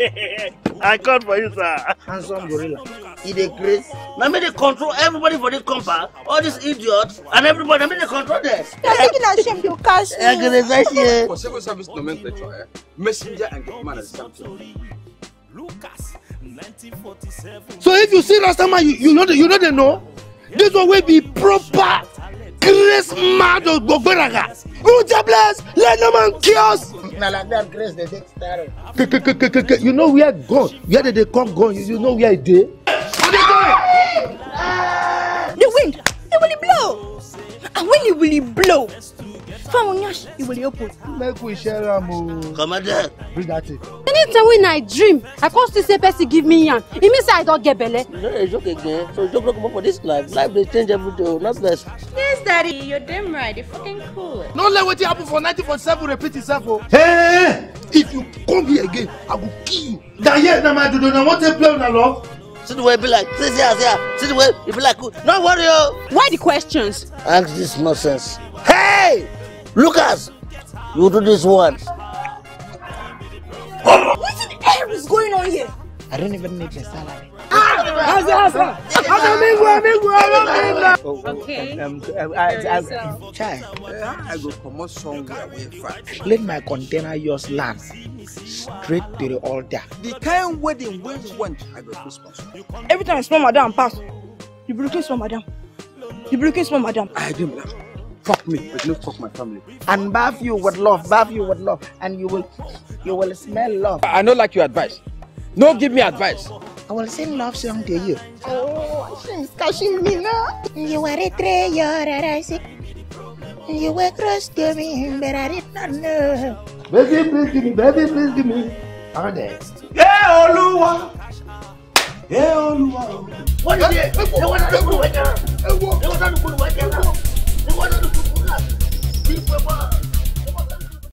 I called for you, sir. Handsome gorilla. He the grace. Now me dey control everybody for this compound. All these idiots and everybody. Now me dey control them. You're taking a shame to cash me. I'm gonna cash you. For civil service nomenclature, eh, messenger and gunman are the Lucas, 1947. So if you see last time, you you know the, you know they know. This one will be proper Christmas of Gogboraga. Who's bless. Let no man kill grace dey take start. you know where God, where did they come gun you, know where e dey. the wind e will blow and when e will blow fáwọn yàn ṣe ìwèrè oko. mẹ́kù iṣẹ́ ra mo. commander. bring that thing. anytime when i dream i come see say person give me yam e mean say i don get belle. you no dey joke again so joke no comot for dis life life dey change every day o oh, not less. yes daddy you damn right e fucking cool. no let wetin happen for nineteen forty seven repeat itself o. Oh. Hey, if you come here again i go kill you. na here na my dodo na wan take play una love. See the way it be like, see, see, see, see the way it be like, no worry, oh. Why the questions? Ask this nonsense. Hey! Lucas, you do this one. What in the air is going on here? I don't even need a salary. Okay. Um, um, uh, I, I, I, child, I go promote somewhere away from. Let my container yours land straight to the altar. The kind wedding when you want, I go Christmas. Every time I smell madam pass, you broken smell madam. You broken smell madam. I do madam fuck me, but no fuck my family. And bathe you with love, bathe you with love, and you will, you will smell love. I don't like your advice. No, give me advice. I will sing love song to you. Oh, she's catching me now. You are a traitor, I see. You were close to me, but I did not know. Baby, please give me, baby, please give me. Are they? Yeah, Oluwa. Yeah, Oluwa. What is it?